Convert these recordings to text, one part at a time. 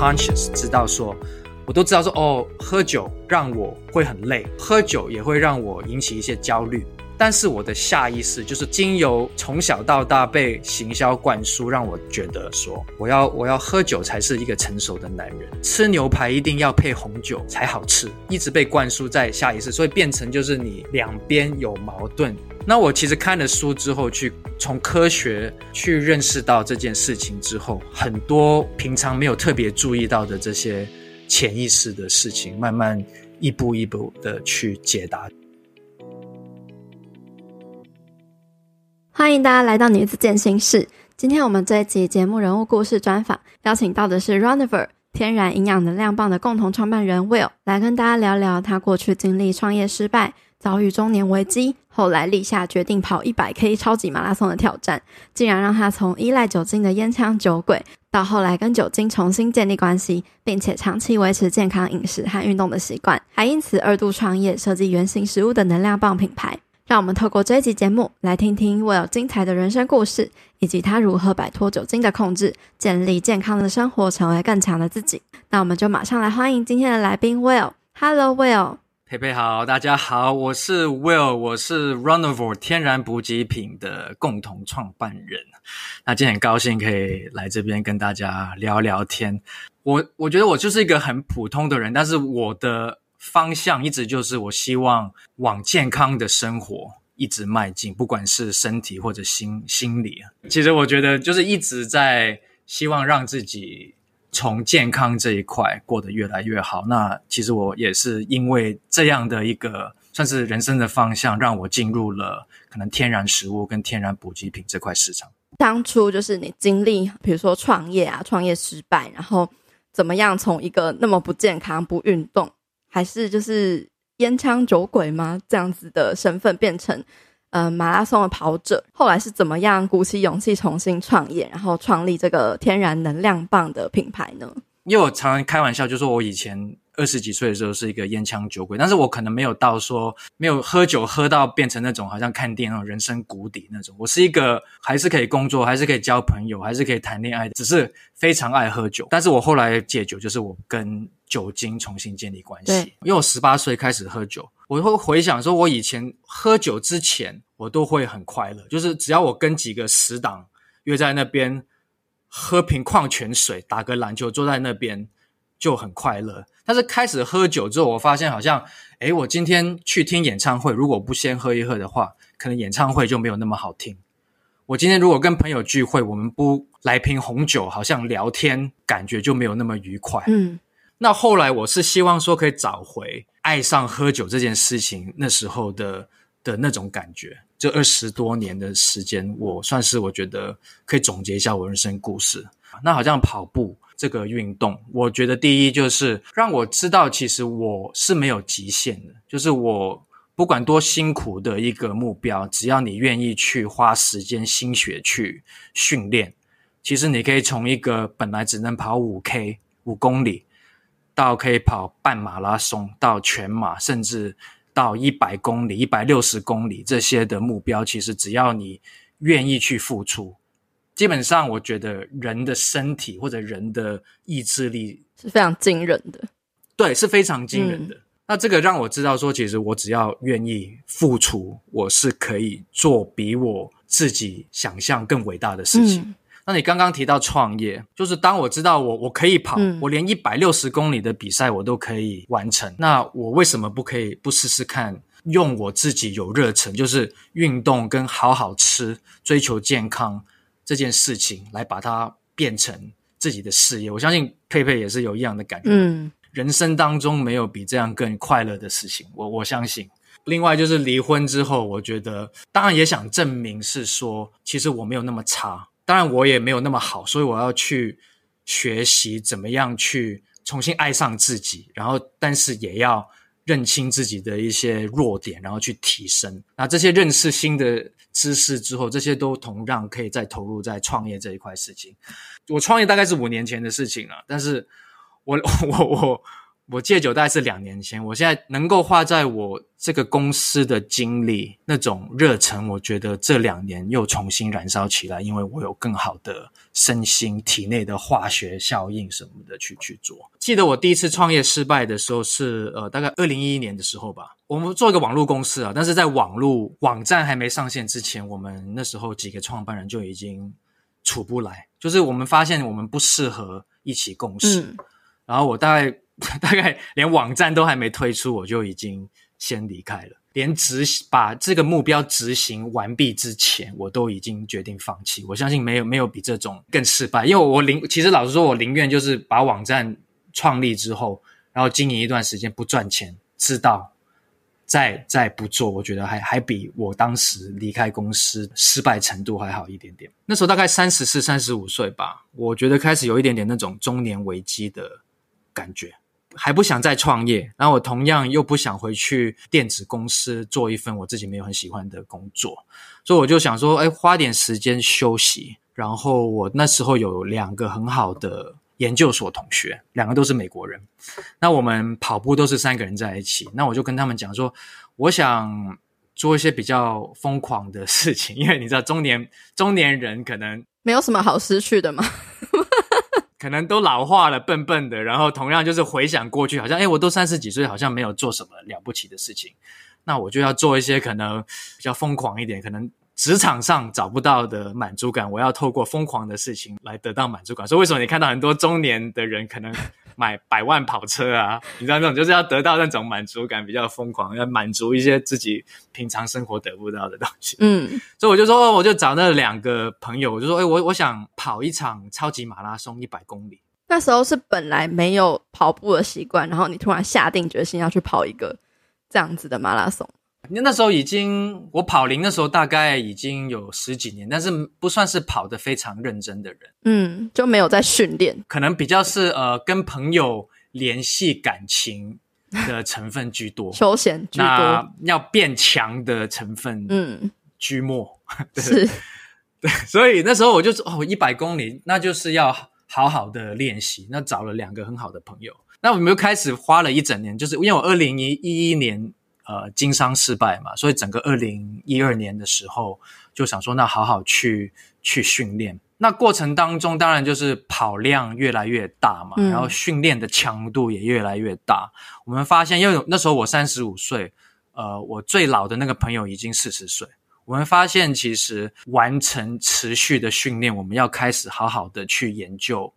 conscious 知道說，我都知道說哦，喝酒讓我會很累，喝酒也會讓我引起一些焦慮。但是我的下意識就是，經由從小到大被行銷灌輸，讓我覺得說，我要我要喝酒才是一個成熟的男人，吃牛排一定要配紅酒才好吃，一直被灌輸在下意識，所以變成就是你兩邊有矛盾。那我其實看了書之後，去從科學去認識到這件事情之後，很多平常沒有特別注意到的這些潛意識的事情，慢慢一步一步的去解答。歡迎大家來到女子健心室，今天我們這一集節目人物故事專訪，邀請到的是 RUNIVORE 天然營養能量棒的共同創辦人 Will，來跟大家聊聊他過去經歷創業失敗，遭遇中年危機，後來立下決定跑一百 K 超級馬拉松的挑戰，竟然讓他從依賴酒精的煙槍酒鬼，到後來跟酒精重新建立關係，並且長期維持健康飲食和運動的習慣，還因此二度創業，設計原型食物的能量棒品牌。讓我們透過這一集節目來聽聽 Will 精彩的人生故事，以及他如何擺脫酒精的控制，建立健康的生活，成為更強的自己。那我們就馬上來歡迎今天的來賓 Will，Hello Will。佩佩好，大家好，我是 Will，我是 Runivore 天然補給品的共同創辦人，那今天很高興可以來這邊跟大家聊聊天。我我覺得我就是一個很普通的人，但是我的方向一直就是我希望往健康的生活一直邁進，不管是身體或者心心理。其實我覺得就是一直在希望讓自己。從健康這一塊過得越來越好，那其實我也是因為這樣的一個算是人生的方向，讓我進入了可能天然食物跟天然補給品這塊市場，當初就是你經歷，比如說創業啊，創業失敗，然後怎麼樣從一個那麼不健康、不運動，還是就是煙槍酒鬼嗎，這樣子的身份變成呃、嗯，馬拉松的跑者後來是怎麼樣鼓起勇氣重新創業，然後創立這個天然能量棒的品牌呢？因為我常常開玩笑，就是、說我以前二十幾歲的時候是一個菸槍酒鬼，但是我可能沒有到說沒有喝酒喝到變成那種好像看電影人生谷底那種。我是一個還是可以工作，還是可以交朋友，還是可以談戀愛的，只是非常愛喝酒。但是我後來戒酒，就是我跟酒精重新建立關係。因為我十八歲開始喝酒。我會回想說，我以前喝酒之前，我都會很快樂，就是只要我跟幾個死黨約在那邊喝瓶礦泉水，打個籃球，坐在那邊就很快樂。但是開始喝酒之後，我發現好像，誒，我今天去聽演唱會，如果不先喝一喝的話，可能演唱會就沒有那麼好聽。我今天如果跟朋友聚會，我們不來瓶紅酒，好像聊天感覺就沒有那麼愉快。嗯。那後來，我是希望說可以找回愛上喝酒這件事情那時候的的那種感覺。這二十多年的時間，我算是我覺得可以總結一下我人生故事。那好像跑步這個運動，我覺得第一就是讓我知道，其實我是沒有極限的。就是我不管多辛苦的一個目標，只要你願意去花時間、心血去訓練，其實你可以從一個本來只能跑五 K、五公里。到可以跑半馬拉松，到全馬，甚至到一百公里、一百六十公里這些的目標，其實只要你願意去付出，基本上我覺得人的身體或者人的意志力是非常驚人的。對，是非常驚人的。嗯。那這個讓我知道說，其實我只要願意付出，我是可以做比我自己想象更偉大的事情。嗯那你剛剛提到創業，就是當我知道我我可以跑，嗯，我連一百六十公里的比賽我都可以完成，那我為什麼不可以不試試看，用我自己有熱忱，就是運動跟好好吃，追求健康這件事情，來把它變成自己的事業。我相信佩佩也是有一樣的感覺。嗯，人生當中沒有比這樣更快樂的事情。我我相信。另外就是離婚之後，我覺得當然也想證明是說，其實我沒有那麼差。當然，我也沒有那麼好，所以我要去學習怎麼樣去重新愛上自己，然後但是，也要認清自己的一些弱點，然後去提升。那這些認識新的知識之後，這些都同樣可以再投入在創業這一塊事情。我創業大概是五年前的事情了，但是我我我，我我戒酒大概是兩年前，我現在能夠花在我這個公司的精力、那種熱忱，我覺得這兩年又重新燃燒起來，因為我有更好的身心體內的化學效應什麼的去去做。記得我第一次創業失敗的時候是呃，大概二零一一年的時候吧，我們做一個網絡公司啊，但是在網絡網站還沒上線之前，我們那時候幾個創辦人就已經處不來，就是我們發現我們不適合一起共事，嗯，然後我大概。 大概連網站都還沒推出，我就已經先離開了。連執行把這個目標執行完畢之前，我都已經決定放棄。我相信沒有沒有比這種更失敗。因為我寧其實老實說，我寧願就是把網站創立之後，然後經營一段時間不賺錢，直到再再不做，我覺得還還比我當時離開公司失敗程度還好一點點。那時候大概三十四、三十五歲吧，我覺得開始有一點點那種中年危機的感覺。還不想再創業，然後我同樣又不想回去電子公司做一份我自己沒有很喜歡的工作，所以我就想說，哎，花點時間休息。然後我那時候有兩個很好的研究所同學，兩個都是美國人。那我們跑步都是三個人在一起。那我就跟他們講說，我想做一些比較瘋狂的事情，因為你知道，中年中年人可能沒有什麼好失去的嘛。 可能都老化了，笨笨的。然後同樣就是回想過去，好像誒、欸，我都三十幾歲，好像沒有做什麼了不起的事情。那我就要做一些可能比較瘋狂一點，可能。職場上找不到的滿足感，我要透過瘋狂的事情來得到滿足感。所以為什麼你看到很多中年的人可能買百萬跑車啊？ 你知道那種就是要得到那種滿足感，比較瘋狂，要滿足一些自己平常生活得不到的東西。嗯，所以我就說，我就找那兩個朋友，我就說，哎、欸，我我想跑一場超級馬拉松一百公里。那時候是本來沒有跑步的習慣，然後你突然下定決心要去跑一個這樣子的馬拉松。你那時候已經我跑齡的時候，大概已經有十幾年，但是不算是跑得非常認真的人，嗯，就沒有在訓練，可能比較是呃跟朋友聯繫感情的成分居多， 休閒居多，要變強的成分居嗯，居末是，對，所以那時候我就說哦一百公里，那就是要好好的練習，那找了兩個很好的朋友，那我們就開始花了一整年，就是因為我二零一一年。呃，經商失敗嘛，所以整個二零一二年的時候，就想說那好好去去訓練。那過程當中，當然就是跑量越來越大嘛，嗯，然後訓練的強度也越來越大。我們發現，因為那時候我三十五歲，呃，我最老的那個朋友已經四十歲。我們發現，其實完成持續的訓練，我們要開始好好的去研究。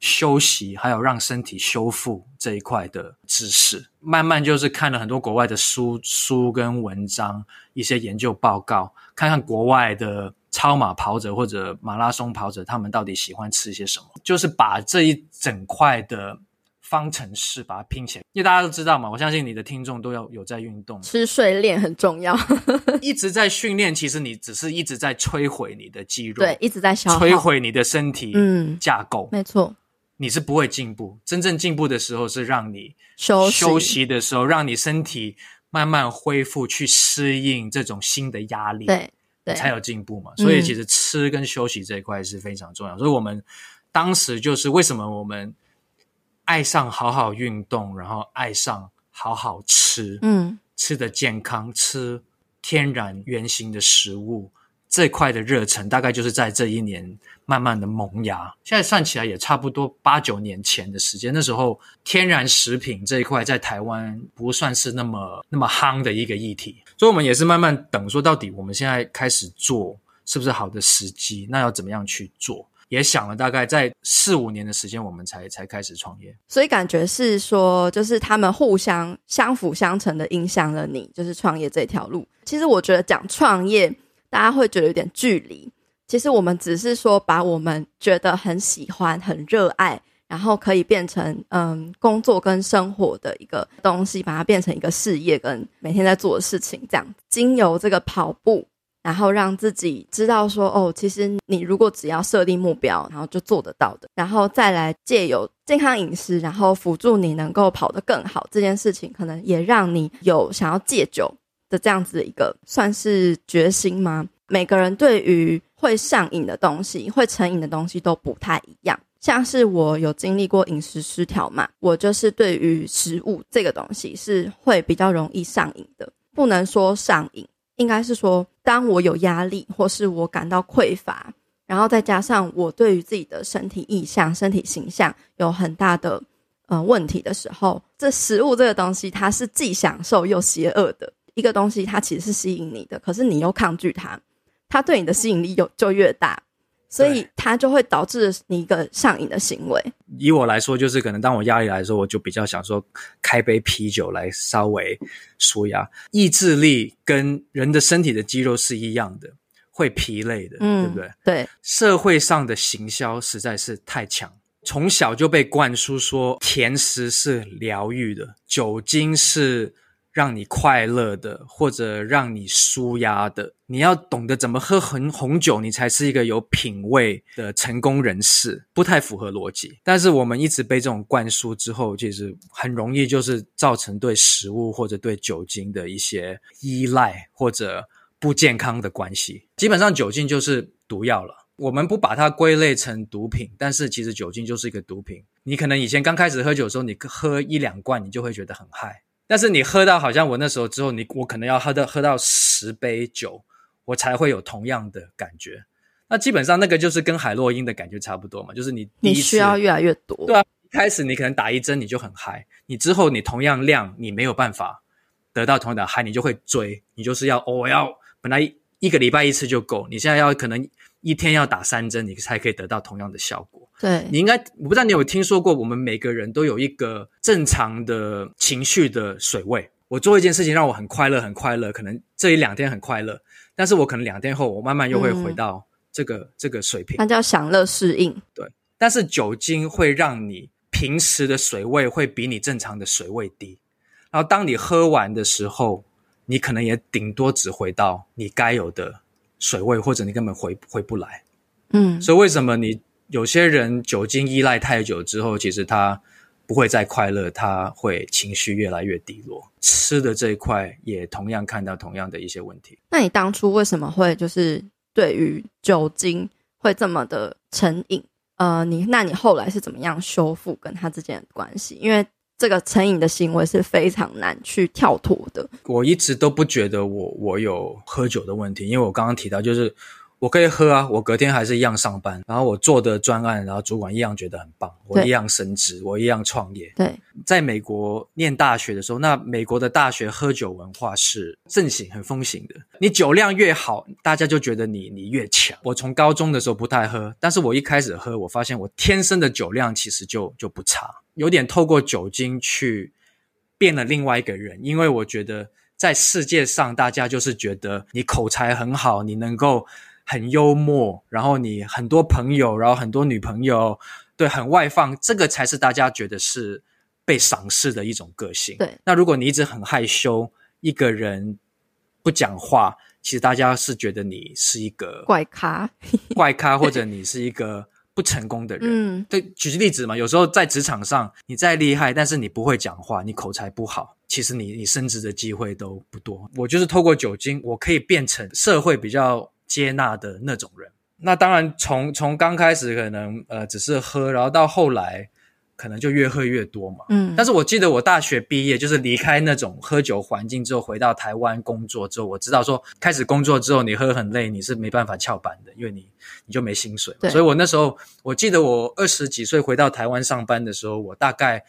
休息，還有讓身體修復這一塊的知識，慢慢就是看了很多國外的書、書跟文章，一些研究報告，看看國外的超馬跑者或者馬拉松跑者，他們到底喜歡吃些什麼，就是把這一整塊的方程式把它拼起來。因為大家都知道嘛，我相信你的聽眾都要有在運動，吃睡練很重要， 一直在訓練，其實你只是一直在摧毀你的肌肉，對，一直在消耗，摧毀你的身體架構，嗯，沒錯。你是不會進步，真正進步的時候是讓你休息的時候，讓你身體慢慢恢復，去適應這種新的壓力，對，對，才有進步嘛。所以其實吃跟休息這一塊是非常重要。嗯。所以我們當時就是為什麼我們愛上好好運動，然後愛上好好吃，嗯，吃得健康，吃天然原型的食物。這塊的熱忱大概就是在這一年慢慢的萌芽，現在算起來也差不多八九年前的時間。那時候天然食品這一塊在台灣不算是那麼那麼夯的一個議題，所以我們也是慢慢等，說到底我們現在開始做是不是好的時機？那要怎麼樣去做？也想了大概在四五年的時間，我們才才開始創業。所以感覺是說，就是他們互相相輔相成的影響了你，就是創業這條路。其實我覺得講創業。大家會覺得有點距離，其實我們只是說把我們覺得很喜歡、很熱愛，然後可以變成嗯工作跟生活的一個東西，把它變成一個事業跟每天在做的事情，這樣，經由這個跑步，然後讓自己知道說哦，其實你如果只要設定目標，然後就做得到的，然後再來借由健康飲食，然後輔助你能夠跑得更好，這件事情可能也讓你有想要戒酒，的這樣子一個算是決心嗎？每個人對於會上癮的東西、會成癮的東西都不太一樣。像是我有經歷過飲食失調嘛，我就是對於食物這個東西是會比較容易上癮的。不能說上癮，應該是說，當我有壓力，或是我感到匱乏，然後再加上我對於自己的身體意象、身體形象有很大的呃問題的時候，這食物這個東西，它是既享受又邪惡的。一個東西它其實是吸引你的，可是你又抗拒它，它對你的吸引力又就越大，所以它就會導致你一個上癮的行為。以我來說，就是可能當我壓力來的時候，我就比較想說開杯啤酒來稍微舒壓、嗯。意志力跟人的身體的肌肉是一樣的，會疲累的、嗯，對不對？對。社會上的行銷實在是太強，從小就被灌輸說甜食是療癒的，酒精是。讓你快樂的，或者讓你舒壓的，你要懂得怎麼喝紅紅酒，你才是一個有品味的成功人士。不太符合邏輯，但是我們一直被這種灌輸之後，其實很容易就是造成對食物或者對酒精的一些依賴或者不健康的關係。基本上酒精就是毒藥了，我們不把它歸類成毒品，但是其實酒精就是一個毒品。你可能以前剛開始喝酒的時候，你喝一兩罐，你就會覺得很嗨。但是你喝到好像我那時候之後，你我可能要喝到喝到十杯酒，我才會有同樣的感覺。那基本上那個就是跟海洛因的感覺差不多嘛，就是你你需要越來越多。對啊，一開始你可能打一針你就很嗨，你之後你同樣量你沒有辦法得到同樣的嗨，你就會追，你就是要哦我要，本來一個禮拜一次就夠，你現在要可能。一天要打三針，你才可以得到同樣的效果。對你應該，我不知道你有聽說過，我們每個人都有一個正常的情緒的水位。我做一件事情讓我很快樂，很快樂，可能這一兩天很快樂，但是我可能兩天後，我慢慢又會回到這個、嗯、這個水平。那叫享樂適應。對，但是酒精會讓你平時的水位會比你正常的水位低，然後當你喝完的時候，你可能也頂多只回到你該有的。水位，或者你根本回回不來，嗯，所以為什麼你有些人酒精依賴太久之後，其實他不會再快樂，他會情緒越來越低落。吃的這一塊，也同樣看到同樣的一些問題。那你當初為什麼會就是對於酒精會這麼的成癮？呃，你，那你後來是怎麼樣修復跟他之間的關係？因為。這個成癮的行為是非常難去跳脫的。我一直都不覺得我我有喝酒的問題，因為我剛剛提到就是。我可以喝啊，我隔天還是一樣上班，然後我做的專案，然後主管一樣覺得很棒，我一樣升職，我一樣創業。對，在美國念大學的時候，那美國的大學喝酒文化是盛行、很風行的。你酒量越好，大家就覺得你你越強。我從高中的時候不太喝，但是我一開始喝，我發現我天生的酒量其實就就不差，有點透過酒精去變了另外一個人。因為我覺得在世界上，大家就是覺得你口才很好，你能夠。很幽默，然後你很多朋友，然後很多女朋友，對，很外放，這個才是大家覺得是被賞識的一種個性。對，那如果你一直很害羞，一個人不講話，其實大家是覺得你是一個怪咖、怪咖，或者你是一個不成功的人。 嗯，對，舉個例子嘛，有時候在職場上，你再厲害，但是你不會講話，你口才不好，其實你你升職的機會都不多。我就是透過酒精，我可以變成社會比較。接納的那種人，那當然從從剛開始可能呃只是喝，然後到後來可能就越喝越多嘛。嗯，但是我記得我大學畢業就是離開那種喝酒環境之後，回到台灣工作之後，我知道說開始工作之後你喝很累，你是沒辦法翹班的，因為你你就沒薪水。所以我那時候我記得我二十幾歲回到台灣上班的時候，我大概。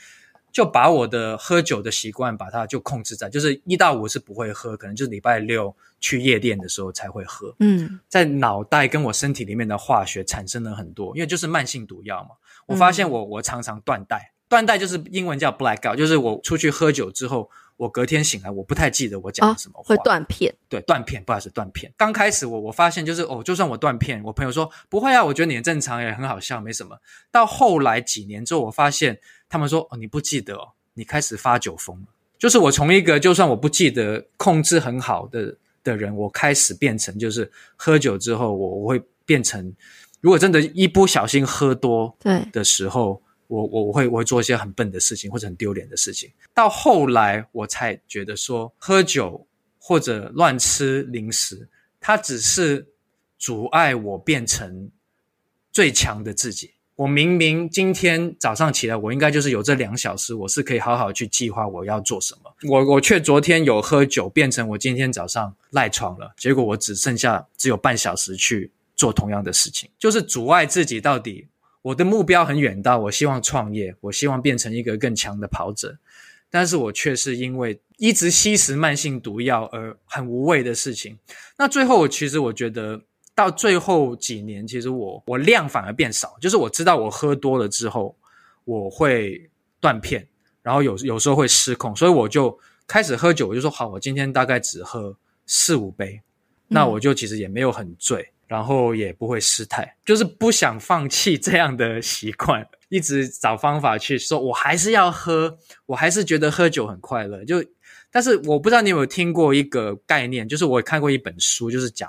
就把我的喝酒的習慣把它就控制在，就是一到五是不會喝，可能就是禮拜六去夜店的時候才會喝。嗯，在腦袋跟我身體裡面的化學產生了很多，因為就是慢性毒藥嘛。我發現我我常常斷代，嗯、斷代就是英文叫 blackout，就是我出去喝酒之後。我隔天醒來，我不太記得我講什麼話。哦，會斷片。對，斷片，不好意思，斷片。剛開始我我發現就是哦，就算我斷片，我朋友說不會啊，我覺得你很正常，也很好笑，沒什麼。到後來幾年之後，我發現他們說哦，你不記得。哦，你開始發酒瘋了。就是我從一個就算我不記得控制很好的的人，我開始變成就是喝酒之後我，我會變成如果真的，一不小心喝多，對的時候。我我我會我會做一些很笨的事情或者很丟臉的事情，到後來我才覺得說，喝酒或者亂吃零食，它只是阻礙我變成最強的自己。我明明今天早上起來，我應該就是有這兩小時，我是可以好好去計劃我要做什麼。我我卻昨天有喝酒，變成我今天早上賴床了，結果我只剩下只有半小時去做同樣的事情，就是阻礙自己到底。我的目標很遠大，我希望創業，我希望變成一個更強的跑者，但是我卻是因為一直吸食慢性毒藥而很無謂的事情。那最後，我其實我覺得到最後幾年，其實我我量反而變少，就是我知道我喝多了之後我會斷片，然後有有時候會失控，所以我就開始喝酒，我就說好，我今天大概只喝四五杯，那我就其實也沒有很醉。嗯然後也不會失態，就是不想放棄這樣的習慣，一直找方法去說，我還是要喝，我還是覺得喝酒很快樂。就，但是我不知道你有沒有聽過一個概念，就是我看過一本書，就是講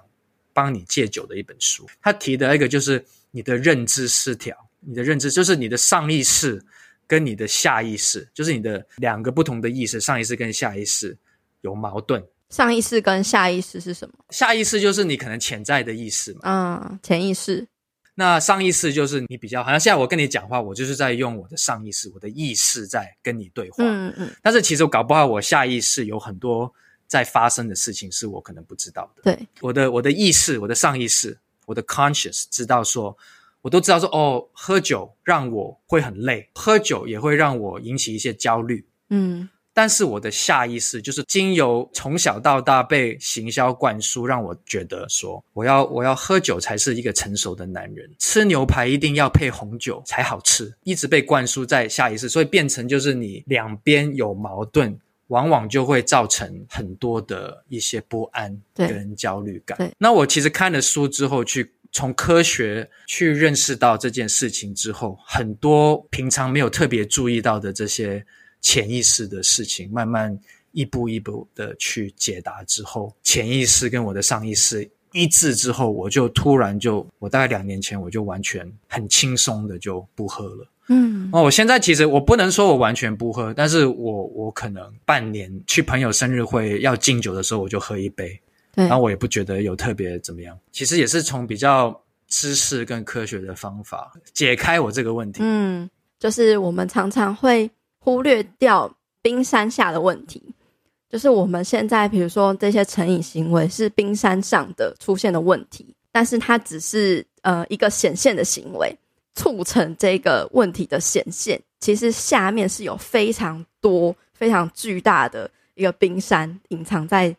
幫你戒酒的一本書，他提的一個就是你的認知失調，你的認知就是你的上意識跟你的下意識，就是你的兩個不同的意識，上意識跟下意識有矛盾。上意識跟下意識是什麼？下意識就是你可能潛在的意識嘛。嗯，潛意識。那上意識就是你比較，好像現在我跟你講話，我就是在用我的上意識，我的意識在跟你對話。嗯嗯。但是其實我搞不好，我下意識有很多在發生的事情，是我可能不知道的。對。我的我的意識，我的上意識，我的 conscious 知道說，我都知道說，哦，喝酒讓我會很累，喝酒也會讓我引起一些焦慮。嗯。但是我的下意識就是，經由從小到大被行銷灌輸，讓我覺得說，我要我要喝酒才是一個成熟的男人，吃牛排一定要配紅酒才好吃，一直被灌輸在下意識，所以變成就是你兩邊有矛盾，往往就會造成很多的一些不安跟焦慮感。那我其實看了書之後，去從科學去認識到這件事情之後，很多平常沒有特別注意到的這些。潛意識的事情，慢慢一步一步的去解答，之後潛意識跟我的上意識一致之後，我就突然就，我大概兩年前我就完全很輕鬆的就不喝了。嗯，哦，我現在其實我不能說我完全不喝，但是我我可能半年去朋友生日會要敬酒的時候，我就喝一杯。對，然後我也不覺得有特別怎麼樣。其實也是從比較知識跟科學的方法解開我這個問題。嗯，就是我們常常會。忽略掉冰山下的問題，就是我們現在，比如說這些成癮行為是冰山上的出現的問題，但是它只是呃一個顯現的行為，促成這個問題的顯現。其實下面是有非常多、非常巨大的一個冰山隱藏在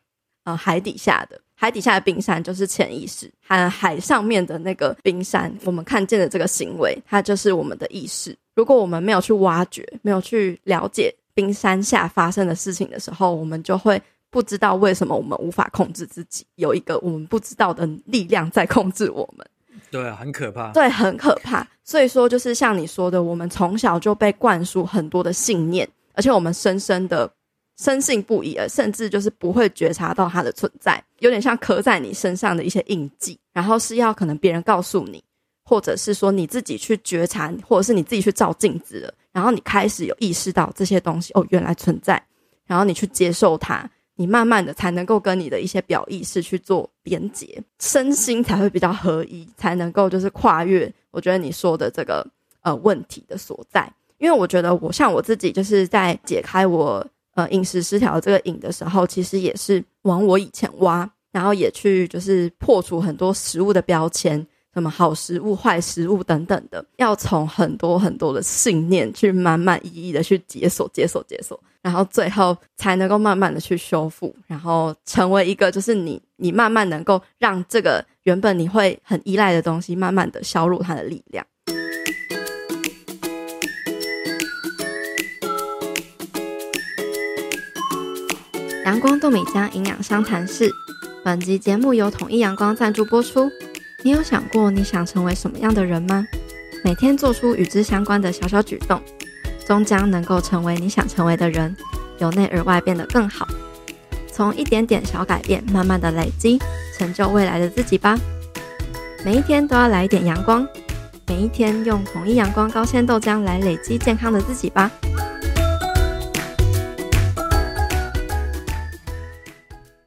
呃海底下的。海底下的冰山就是潛意識，海海上面的那個冰山，我們看見的這個行為，它就是我們的意識。如果我們沒有去挖掘，沒有去了解冰山下發生的事情的時候，我們就會不知道為什麼我們無法控制自己，有一個我們不知道的力量在控制我們。對啊，很可怕。對，很可怕。所以說，就是像你說的，我們從小就被灌輸很多的信念，而且我們深深的。深信不疑，而甚至就是不會覺察到它的存在，有點像刻在你身上的一些印記。然後是要可能別人告訴你，或者是說你自己去覺察，或者是你自己去照鏡子了，然後你開始有意識到這些東西哦，原來存在。然後你去接受它，你慢慢的才能夠跟你的一些表意識去做連接，身心才會比較合一，才能夠就是跨越。我覺得你說的這個呃問題的所在，因為我覺得我像我自己就是在解開我。呃，飲食失調這個“癮”的時候，其實也是往我以前挖，然後也去就是破除很多食物的標籤，什麼好食物、壞食物等等的，要從很多很多的信念去慢慢一一的去解鎖、解鎖、解鎖，然後最後才能夠慢慢的去修復，然後成為一個就是你，你慢慢能夠讓這個原本你會很依賴的東西，慢慢的削弱它的力量。陽光豆米漿營養商談室，本集節目由統一陽光贊助播出。你有想過你想成為什麼樣的人嗎？每天做出與之相關的小小舉動，終將能夠成為你想成為的人，由內而外變得更好。從一點點小改變，慢慢的累積，成就未來的自己吧。每一天都要來一點陽光，每一天用統一陽光高纖豆漿來累積健康的自己吧。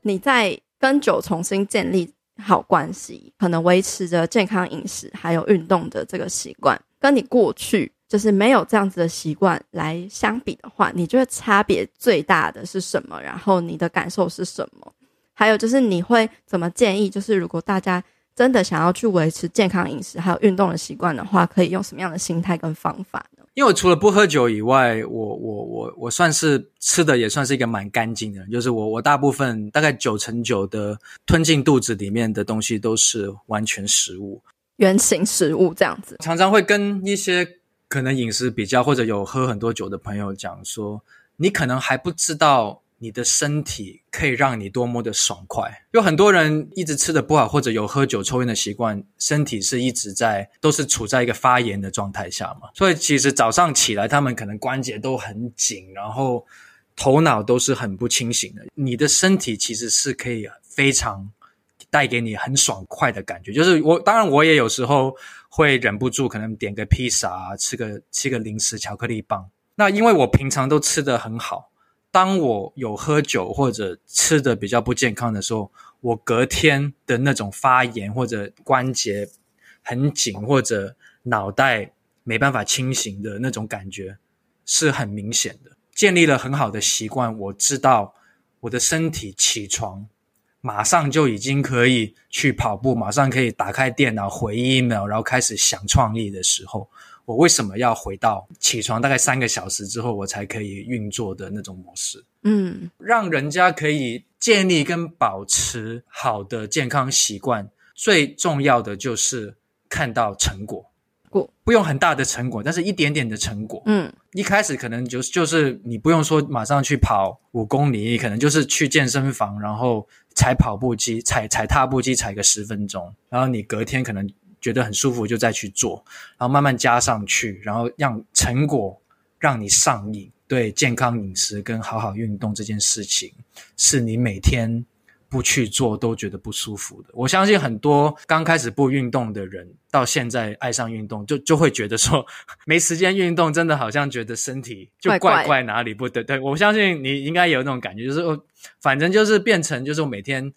你在跟酒重新建立好關係，可能維持着健康飲食還有運動的這個習慣，跟你過去就是沒有這樣子的習慣來相比的話，你覺得差別最大的是什麼？然後你的感受是什麼？還有就是你會怎麼建議？就是如果大家。真的想要去維持健康飲食還有運動的習慣的話，可以用什麼樣的心態跟方法呢？因為我除了不喝酒以外，我我我我算是吃的也算是一個蠻乾淨的，就是我我大部分大概九成九的吞進肚子裡面的東西都是完全食物，原型食物這樣子。常常會跟一些可能飲食比較或者有喝很多酒的朋友講說，你可能還不知道。你的身體可以讓你多麼的爽快。有很多人一直吃的不好，或者有喝酒、抽菸的習慣，身體是一直在，都是處在一個發炎的狀態下嘛。所以其實早上起來，他們可能關節都很緊，然後頭腦都是很不清醒的。你的身體其實是可以非常帶給你很爽快的感覺。就是我，當然我也有時候會忍不住，可能點個披薩啊，吃個吃個零食、巧克力棒。那因為我平常都吃得很好。當我有喝酒或者吃的比較不健康的時候，我隔天的那種發炎或者關節很緊，或者腦袋沒辦法清醒的那種感覺是很明顯的。建立了很好的習慣，我知道我的身體起床，馬上就已經可以去跑步，馬上可以打開電腦回 email，然後開始想創意的時候。我為什麼要回到起床大概三個小時之後我才可以運作的那種模式？嗯，讓人家可以建立跟保持好的健康習慣，最重要的就是看到成果。不，不用很大的成果，但是一點點的成果。嗯，一開始可能就是，就是你不用說馬上去跑五公里，可能就是去健身房，然後踩跑步機，踩踩踏步機，踩個十分鐘，然後你隔天可能。覺得很舒服，就再去做，然後慢慢加上去，然後讓成果讓你上癮。對健康飲食跟好好運動這件事情，是你每天不去做都覺得不舒服的。我相信很多剛開始不運動的人，到現在愛上運動，就就會覺得說沒時間運動，真的好像覺得身體就怪怪哪裡不對，怪怪，對。對，我相信你應該有那種感覺，就是、哦、反正就是變成就是每天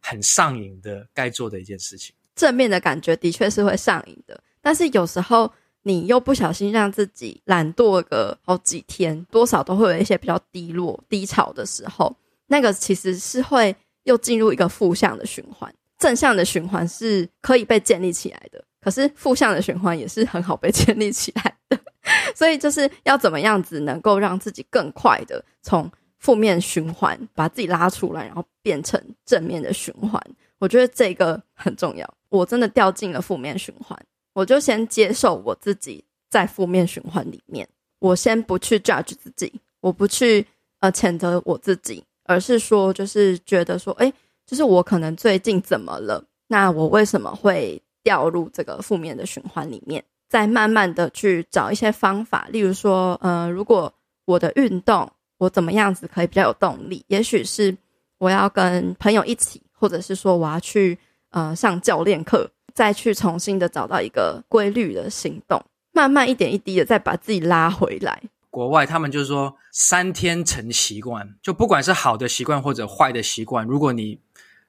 很上癮的，該做的一件事情。正面的感覺的確是會上癮的，但是有時候你又不小心讓自己懶惰個好幾天，多少都會有一些比較低落、低潮的時候，那個其實是會又進入一個負向的循環。正向的循環是可以被建立起來的，可是負向的循環也是很好被建立起來的。 所以就是要怎麼樣子能夠讓自己更快的從負面循環把自己拉出來，然後變成正面的循環。我覺得這個很重要。我真的掉進了負面循環，我就先接受我自己在負面循環裡面。我先不去 judge 自己，我不去呃譴責我自己，而是說就是覺得說，哎，就是我可能最近怎麼了？那我為什麼會掉入這個負面的循環裡面？再慢慢的去找一些方法，例如說，呃，如果我的運動我怎麼樣子可以比較有動力？也許是我要跟朋友一起。或者是說，我要去呃上教練課，再去重新的找到一個規律的行動，慢慢一點一滴的再把自己拉回來。國外他們就是說，三天成習慣，就不管是好的習慣或者壞的習慣，如果你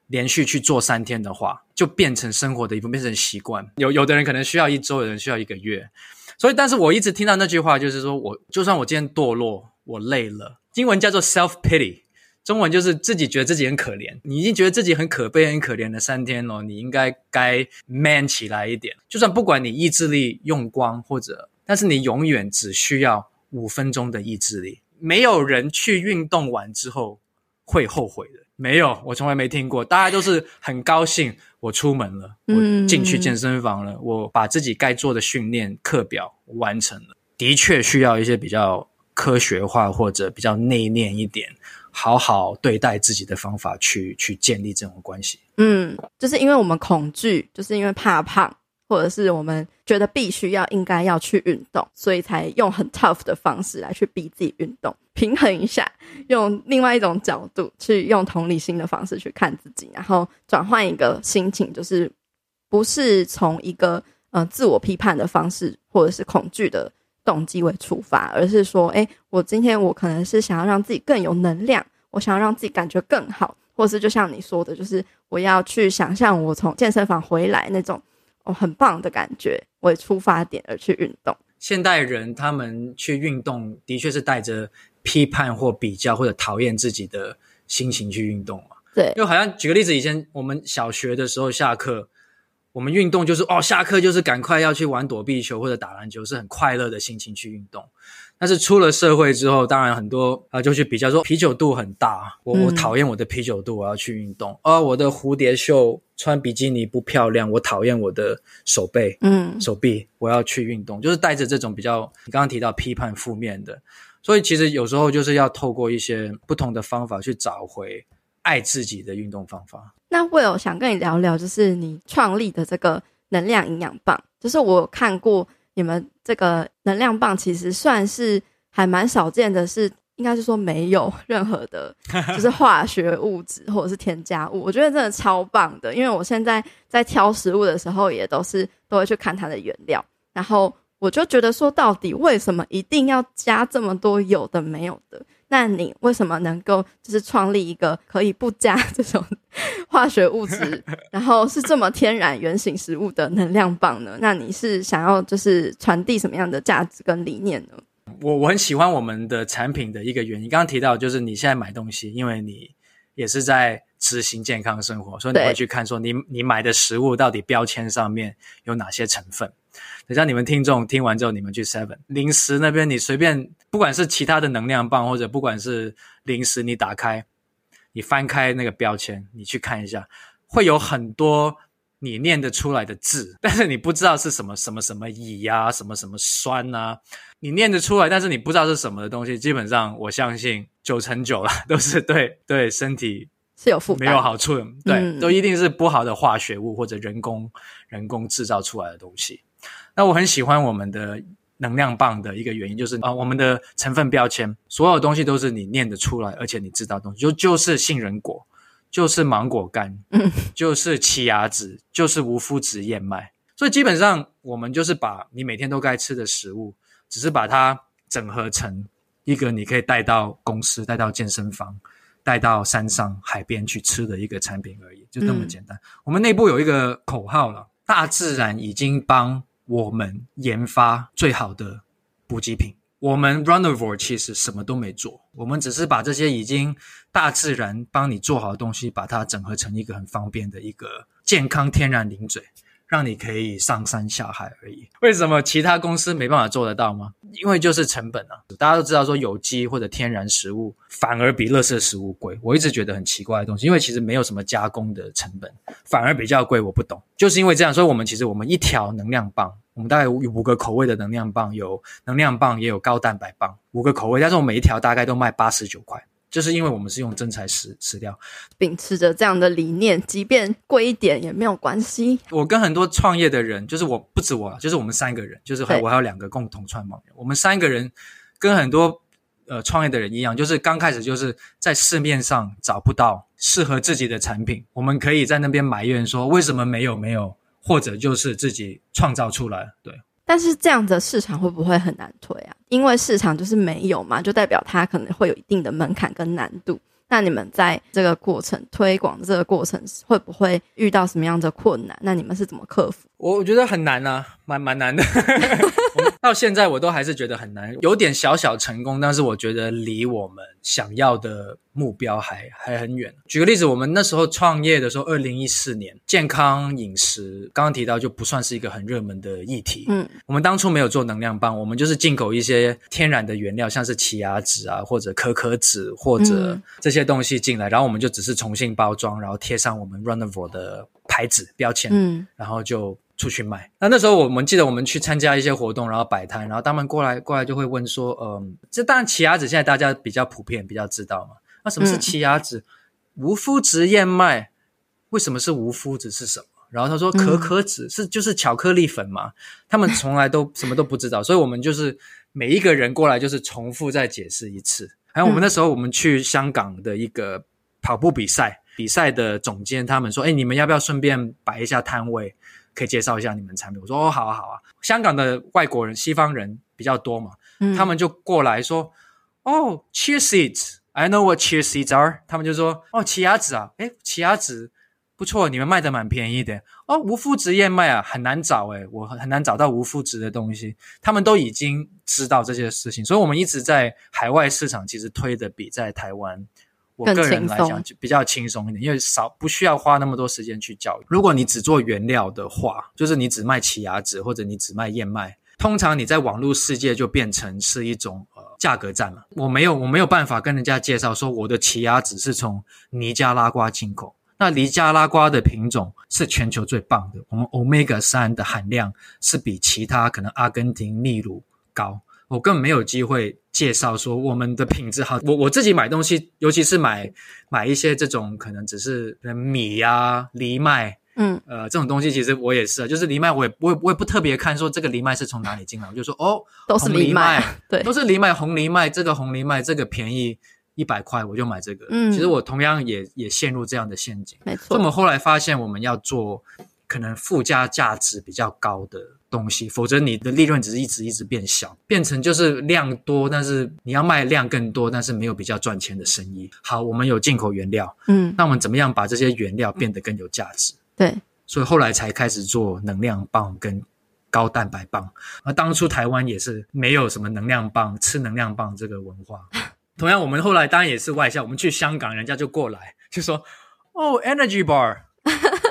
連續去做三天的話，就變成生活的一部分，變成習慣。有有的人可能需要一週，有的人需要一個月。所以，但是我一直聽到那句話，就是說，我就算我今天墮落，我累了，英文叫做 self pity。中文就是自己覺得自己很可憐，你已經覺得自己很可悲、很可憐的三天了，你應該該 man 起來一點。就算不管你意志力用光或者，但是你永遠只需要五分鐘的意志力。沒有人去運動完之後會後悔的，沒有，我從來沒聽過，大家都是很高興我出門了，我進去健身房了，我把自己該做的訓練課表完成了。的確需要一些比較科學化或者比較內斂一點。好好對待自己的方法去、去去建立這種關係。嗯，就是因為我們恐懼，就是因為怕胖，或者是我們覺得必須要，應該要去運動，所以才用很 tough 的方式來去逼自己運動。平衡一下，用另外一種角度去用同理心的方式去看自己，然後轉換一個心情，就是不是從一個呃自我批判的方式，或者是恐懼的。動機為出發，而是說，誒、欸，我今天我可能是想要讓自己更有能量，我想要讓自己感覺更好，或是就像你說的，就是我要去想象我從健身房回來那種哦很棒的感覺為出發點而去運動。現代人他們去運動的確是帶着批判或比較或者討厭自己的心情去運動嘛？對，就好像舉個例子，以前我們小學的時候下課。我們運動就是哦，下課就是趕快要去玩躲避球或者打籃球，是很快樂的心情去運動。但是出了社會之後，當然很多啊、呃，就去比較說，啤酒肚很大，我我討厭我的啤酒肚，我要去運動。啊、嗯哦，我的蝴蝶袖穿比基尼不漂亮，我討厭我的手背，嗯，手臂，我要去運動，就是帶着這種比較，你剛剛提到批判負面的。所以其實有時候就是要透過一些不同的方法去找回愛自己的運動方法。那 Will 我想跟你聊聊，就是你創立的這個能量營養棒，就是我看過你們這個能量棒，其實算是還蠻少見的是，是應該是說沒有任何的，就是化學物質或者是添加物。 我覺得真的超棒的，因為我現在在挑食物的時候，也都是都會去看它的原料，然後我就覺得說，到底為什麼一定要加這麼多有的沒有的？那你為什麼能夠就是創立一個可以不加這種化學物質， 然後是這麼天然原型食物的能量棒呢？那你是想要就是傳遞什麼樣的價值跟理念呢？我我很喜歡我們的產品的一個原因，剛剛提到就是你現在買東西，因為你也是在執行健康生活，所以你會去看說你你買的食物到底標籤上面有哪些成分。等下你們聽眾聽完之後，你們去 Seven 零食那邊，你隨便，不管是其他的能量棒，或者不管是零食，你打開，你翻開那個標籤，你去看一下，會有很多你念得出來的字，但是你不知道是什麼什麼什麼乙啊，什麼什麼酸啊，你念得出來，但是你不知道是什麼的東西，基本上我相信九成九啦，都是對對身體是有負沒有好處的。對，嗯，都一定是不好的化學物或者人工人工製造出來的東西。那我很喜歡我們的能量棒的一個原因就是啊、呃，我們的成分標籤，所有東西都是你念得出來，而且你知道東西就就是杏仁果，就是芒果乾， 就是奇亞籽，就是無麩質燕麥。所以基本上我們就是把你每天都該吃的食物，只是把它整合成一個你可以帶到公司、帶到健身房、帶到山上海邊去吃的一個產品而已，就這麼簡單。嗯、我們內部有一個口號了，大自然已經幫。我們研發最好的補給品。我們 Runivore 其實什麼都沒做，我們只是把這些已經大自然幫你做好的東西，把它整合成一個很方便的一個健康天然零嘴，讓你可以上山下海而已，為什麼其他公司沒辦法做得到嗎？因為就是成本啊。大家都知道說有機或者天然食物反而比垃圾食物貴，我一直覺得很奇怪的東西，因為其實沒有什麼加工的成本，反而比較貴。我不懂，就是因為這樣，所以我們其實我們一條能量棒，我們大概有五個口味的能量棒，有能量棒也有高蛋白棒，五個口味，但是我每一條大概都賣八十九塊。就是因為我們是用真材實實料，秉持着這樣的理念，即便貴一點也沒有關係。我跟很多創業的人，就是我不止我，就是我們三個人，就是我還有兩個共同創辦人。我們三個人跟很多呃創業的人一樣，就是剛開始就是在市面上找不到適合自己的產品，我們可以在那邊埋怨說為什麼沒有沒有，或者就是自己創造出來，對。但是這樣子的市場會不會很難推啊？因為市場就是沒有嘛，就代表它可能會有一定的門檻跟難度。那你們在這個過程推廣這個過程，會不會遇到什麼樣的困難？那你們是怎麼克服？我我覺得很難啊，蠻蠻難的。到現在我都還是覺得很難，有點小小成功，但是我覺得離我們想要的目標還還很遠。舉個例子，我們那時候創業的時候，二零一四年健康飲食剛剛提到就不算是一個很熱門的議題。嗯，我們當初沒有做能量棒，我們就是進口一些天然的原料，像是奇亞籽啊或者可可籽或者、嗯、這些東西進來，然後我們就只是重新包裝，然後貼上我們 Runivore 的牌子標籤，嗯，然後就。出去賣。那那時候我們記得我們去參加一些活動，然後擺攤，然後他們過來過來就會問說：“嗯，這當然奇亞籽現在大家比較普遍、比較知道嘛。那什麼是奇亞籽？嗯、無麩質燕麥？為什麼是無麩質？是什麼？”然後他說：“可可籽、嗯、是就是巧克力粉嘛。”他們從來都什麼都不知道，所以我們就是每一個人過來就是重複再解釋一次、嗯。還有我們那時候我們去香港的一個跑步比賽，比賽的總監他們說：“哎、欸，你們要不要順便擺一下攤位？”可以介紹一下你們產品。我說哦，好啊，好啊，香港的外國人、西方人比較多嘛，嗯、他們就過來說，哦、oh,，chia seeds，I know what chia seeds are，他們就說，哦，奇亞籽啊，哎，奇亞籽不錯，你們賣得蠻便宜的，哦，無麩質燕麥啊，很難找誒、欸、我很難找到無麩質的東西。他們都已經知道這些事情，所以我們一直在海外市場其實推的比在台灣。我個人來講就比較輕鬆一點，因為少不需要花那麼多時間去教育。如果你只做原料的話，就是你只賣奇亞籽或者你只賣燕麥，通常你在網絡世界就變成是一種呃價格戰了。我沒有我沒有辦法跟人家介紹說我的奇亞籽是從尼加拉瓜進口，那尼加拉瓜的品種是全球最棒的，我們 Omega 3的含量是比其他可能阿根廷、秘魯高，我更沒有機會介紹說我們的品質好。我我自己買東西，尤其是買買一些這種可能只是米啊、藜麥，嗯，呃，這種東西，其實我也是，就是藜麥我，我也我也我也不特別看說這個藜麥是從哪裡進來，我就說哦，都是藜麥，對，都是藜麥，紅藜麥，這個紅藜麥這個便宜一百塊，我就買這個。嗯，其實我同樣也也陷入這樣的陷阱。沒錯，所以我們後來發現我們要做可能附加價值比較高的。東西，否則你的利潤只是一直一直變小，變成就是量多，但是你要賣量更多，但是沒有比較賺錢的生意。好，我們有進口原料，嗯，那我們怎麼樣把這些原料變得更有價值？嗯、對，所以後來才開始做能量棒跟高蛋白棒。而當初台灣也是沒有什麼能量棒、吃能量棒這個文化。同樣，我們後來當然也是外銷，我們去香港，人家就過來就說：“哦，energy bar。”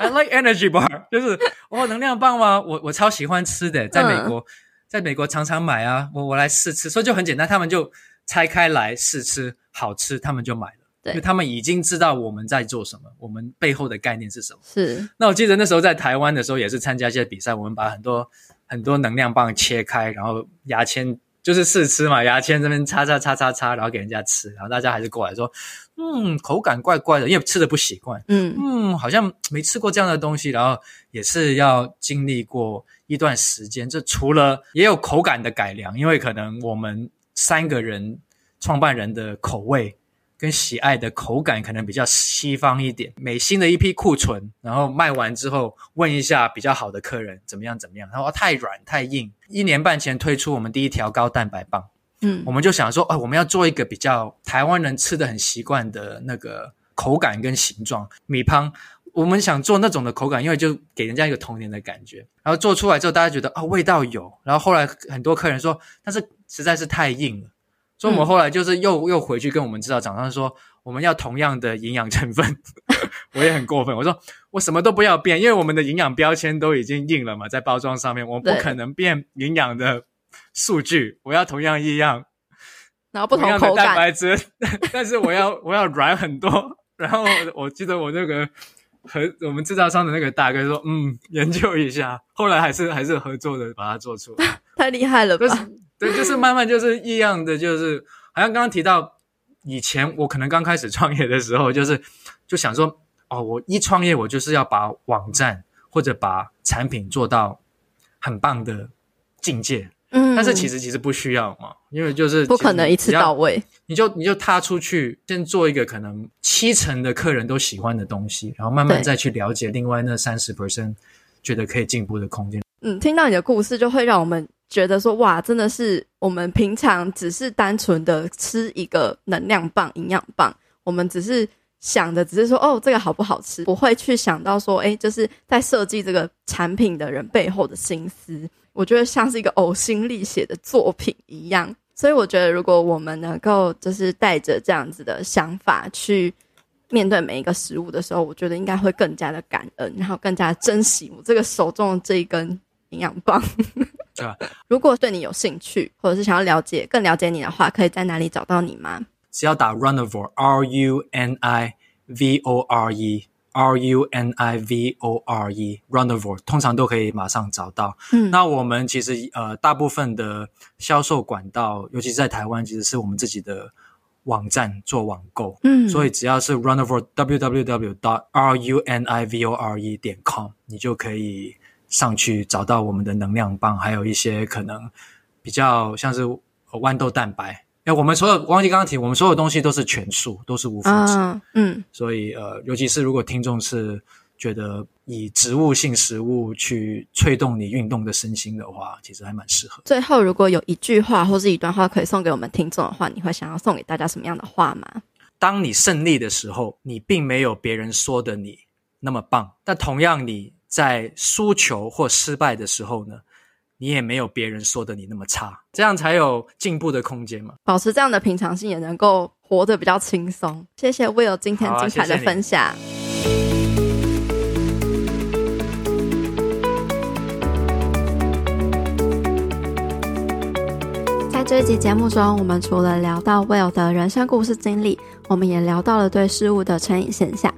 I like energy bar，就是我、哦、能量棒嗎、啊？我我超喜歡吃的，在美國、嗯，在美國常常買啊。我我來試吃，所以就很簡單，他們就拆開來試吃，好吃他們就買了。對，因為他們已經知道我們在做什麼，我們背後的概念是什麼。是。那我記得那時候在台灣的時候也是參加一些比賽，我們把很多很多能量棒切開，然後牙籤就是試吃嘛，牙籤這邊叉叉叉叉叉，然後給人家吃，然後大家還是過來說。嗯，口感怪怪的，因為吃的不習慣。嗯嗯，好像沒吃過這樣的東西，然後也是要經歷過一段時間。這除了也有口感的改良，因為可能我們三個人創辦人的口味跟喜愛的口感可能比較西方一點。每新的一批庫存，然後賣完之後，問一下比較好的客人怎麼樣怎麼樣，他說太軟太硬。一年半前推出我們第一條高蛋白棒，嗯，我們就想說，啊、哦，我們要做一個比較台灣人吃的很習慣的那個口感跟形狀，米香，我們想做那種的口感，因為就給人家一個童年的感覺。然後做出來之後，大家覺得啊、哦、味道有。然後後來很多客人說，但是實在是太硬了。所以，我們後來就是又、嗯、又回去跟我們製造廠商說，我們要同樣的營養成分。 我也很過分，我說我什麼都不要變，因為我們的營養標籤都已經印了嘛，在包裝上面，我不可能變營養的。數據我要同樣一樣，然後不同口感，同樣的蛋白質，但是我要 我要軟很多。然後我記得我那個和我們製造商的那個大哥說，嗯，研究一下。後來還是還是合作的，把它做出來，太厲害了吧？就是、對，就是慢慢就是一樣的，就是好像剛剛提到，以前我可能剛開始創業的時候，就是就想說，哦，我一創業我就是要把網站或者把產品做到很棒的境界。嗯，但是其實其實不需要嘛，嗯、因為就是不可能一次到位，你就你就踏出去，先做一個可能七成的客人都喜歡的東西，然後慢慢再去了解另外那三十 percent 覺得可以進步的空間。嗯，聽到你的故事，就會讓我們覺得說，哇，真的是我們平常只是單純的吃一個能量棒、營養棒，我們只是。想的只是說哦，這個好不好吃？我會去想到說，哎，就是在設計這個產品的人背後的心思。我覺得像是一個嘔心瀝血的作品一樣。所以我覺得，如果我們能夠就是帶着這樣子的想法去面對每一個食物的時候，我覺得應該會更加的感恩，然後更加珍惜我這個手中的這一根營養棒、 啊。如果對你有興趣，或者是想要了解，更了解你的話，可以在哪裡找到你嗎？只要打、Runivore, r u n i v o r e R U N I V O R E R U N I V O R E Runivore，通常都可以馬上找到。嗯，那我們其實呃，大部分的銷售管道，尤其是在台灣，其實是我們自己的網站做網購。嗯，所以只要是 Runivore www dot R U N I V O R E 點 com，你就可以上去找到我們的能量棒，還有一些可能比較像是豌豆蛋白。哎，我們所有忘記剛剛提，我們所有東西都是全素，都是無麩質、啊。嗯，所以呃，尤其是如果聽眾是覺得以植物性食物去催動你運動的身心的話，其實還蠻適合。最後，如果有一句話或是一段話可以送給我們聽眾的話，你會想要送給大家什麼樣的話嗎？當你勝利的時候，你並沒有別人說的你那麼棒。但同樣，你在輸球或失敗的時候呢？你也沒有別人說的你那麼差，這樣才有進步的空間嘛。保持這樣的平常心，也能夠活得比較輕鬆。謝謝 Will 今天精彩的分享。啊、謝謝。在這一集節目中，我們除了聊到 Will 的人生故事經歷，我們也聊到了對事物的成癮現象。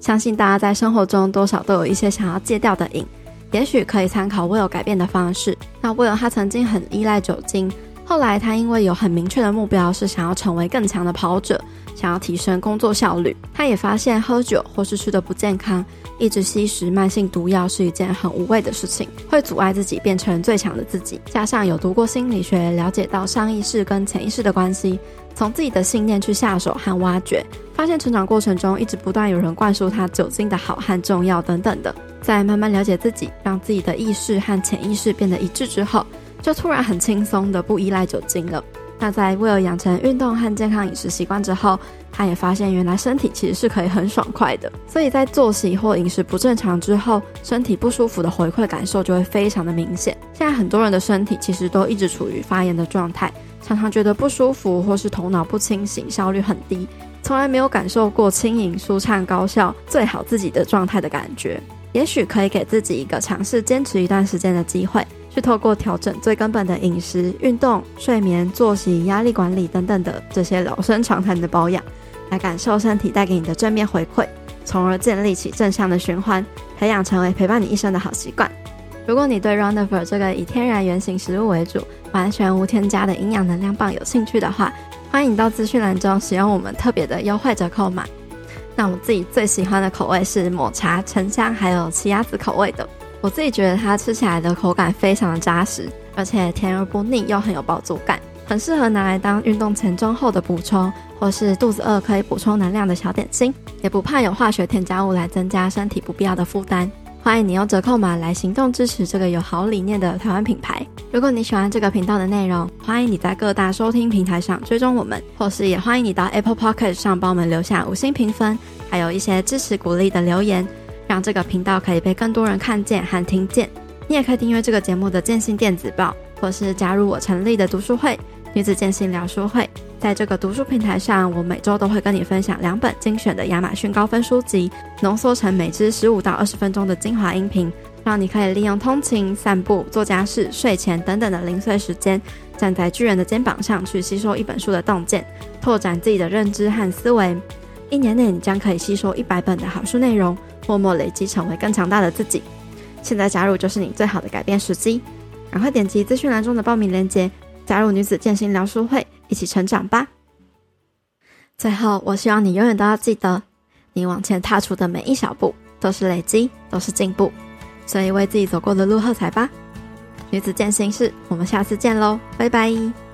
相信大家在生活中多少都有一些想要戒掉的癮。也許可以參考 Will 改變的方式。那 Will 他曾經很依賴酒精，後來他因為有很明確的目標，是想要成為更強的跑者，想要提升工作效率。他也發現喝酒或是吃得不健康，一直吸食慢性毒藥是一件很無謂的事情，會阻礙自己變成最強的自己。加上有讀過心理學，了解到上意識跟潛意識的關係。從自己的信念去下手和挖掘，發現成長過程中一直不斷有人灌輸他酒精的好和重要等等的。在慢慢了解自己，讓自己的意識和潛意識變得一致之後，就突然很輕鬆的不依賴酒精了。那在為了養成運動和健康飲食習慣之後，他也發現原來身體其實是可以很爽快的。所以在作息或飲食不正常之後，身體不舒服的回饋感受就會非常的明顯。現在很多人的身體其實都一直處於發炎的狀態。常常覺得不舒服，或是頭腦不清醒，效率很低，從來沒有感受過輕盈、舒暢、高效、最好自己的狀態的感覺。也許可以給自己一個嘗試、堅持一段時間的機會，去透過調整最根本的飲食、運動、睡眠、作息、壓力管理等等的這些老生常談的保養，來感受身體帶給你的正面回饋，從而建立起正向的循環，培養成為陪伴你一生的好習慣。如果你對 Runivore 這個以天然原型食物為主、完全無添加的營養能量棒有興趣的話，歡迎到資訊欄中使用我們特別的優惠折扣碼。那我自己最喜歡的口味是抹茶、橙香還有奇亞籽口味的。我自己覺得它吃起來的口感非常的扎實，而且甜而不膩，又很有飽足感，很適合拿來當運動前、中、後的補充，或是肚子餓可以補充能量的小點心，也不怕有化學添加物來增加身體不必要的負擔。歡迎你用折扣碼來行動支持這個有好理念的台灣品牌。如果你喜歡這個頻道的內容，歡迎你在各大收聽平台上追蹤我們，或是也歡迎你到 Apple Podcast 上幫我們留下五星評分，還有一些支持鼓勵的留言，讓這個頻道可以被更多人看見和聽見。你也可以訂閱這個節目的健心電子報，或是加入我成立的讀書會——女子健心聊書會。在這個讀書平台上，我每週都會跟你分享兩本精選的亞馬遜高分書籍，濃縮成每支十五到二十分鐘的精華音頻，讓你可以利用通勤、散步、做家事、睡前等等的零碎時間，站在巨人的肩膀上去吸收一本書的洞見，拓展自己的認知和思維。一年內，你將可以吸收一百本的好書內容，默默累積成為更強大的自己。現在加入就是你最好的改變時機，趕快點擊資訊欄中的報名鏈接，加入女子健心療書會。一起成長吧。最後，我希望你永遠都要記得，你往前踏出的每一小步都是累積，都是進步，所以為自己走過的路喝彩吧。女子健心室，我們下次見嘍，拜拜。